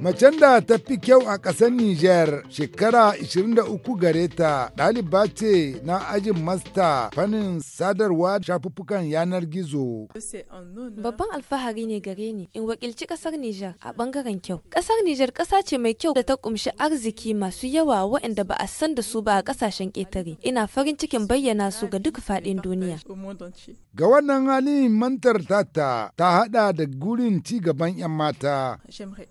Macen da ta fi kyau a ƙasar Nijar shekara 23 gare ta ɗaliba ce na ajin masta fannin sadarwa shafuffukan yanar gizo. Babban alfahari ne gare ni in wakilci ƙasar Nijar a ɓangaren kyau. Ƙasar Nijar ƙasa ce mai kyau da ta ƙumshi arziki masu yawa waɗanda ba a san da su ba a ƙasashen ƙetare. Ina farin cikin bayyana su ga duk faɗin duniya. Ga wannan halin mantar tata ta haɗa da gurin ci gaban 'yan mata.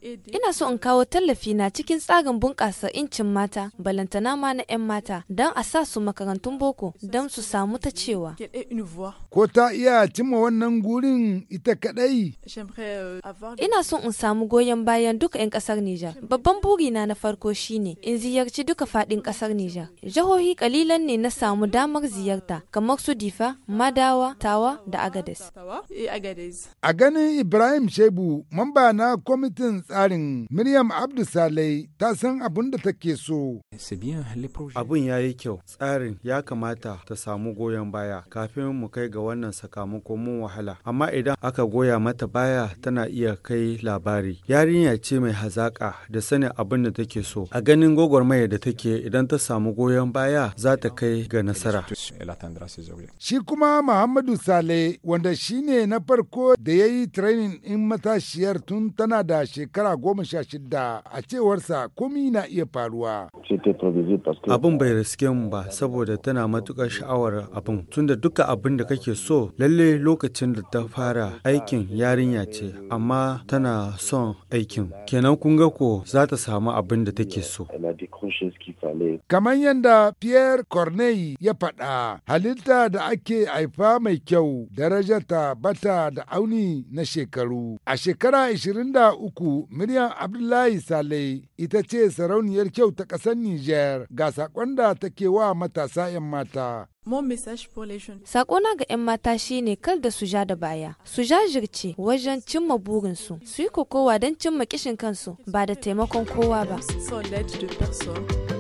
Ina so so in kawo tallafi na cikin tsarin bunƙasa incin mata balantana ma na 'yan mata don a sa su makarantun boko don su samu ta cewa. Ko ta iya cimma wannan gurin ita kaɗai? Euh, Ina son in samu goyon bayan duka 'yan ƙasar Nijar. Babban burina na farko shine in ziyarci duka faɗin ƙasar Nijar. Jihohi kalilan ne na samu damar ziyarta kamar su Difa, Madawa, Tawa da Agades. A ganin Ibrahim Shebu, mamba na kwamitin tsarin miriam Maryam Abdu Salai ta san abin da take so. Abin ya yi kyau tsarin ya kamata ta samu goyon baya kafin mu kai ga wannan sakamako mun wahala amma idan aka goya mata baya tana iya kai labari. Yarinya ce mai hazaƙa da sanin abin da take so a ganin gwagwarmaya da take idan ta samu goyon baya za ta kai ga nasara. Shi kuma Muhammadu Sale wanda shine na farko da ya yi training in matashiyar tun tana da shekara goma 2016 a cewarsa komi na iya faruwa. Abin bai riske mu ba saboda tana matukar sha'awar abin tunda duka abin da kake so lalle lokacin da ta fara aikin yarinya ce amma tana son aikin kenan kun ga ko za ta samu abin da take so. Kamar yadda Pierre Corneille ya faɗa halitta da ake haifa mai kyau darajarta bata da auni na shekaru. A shekara 23 miliyan Abdullahi Saleh ita ce sarauniyar kyau ta ƙasar Nijar ga saƙon da ke wa matasa 'yan mata. Sakona ga 'yan mata shine kar da su ja da baya, su jirce wajen cimma burinsu, su yi kokowa don cimma kishin kansu ba da taimakon kowa ba.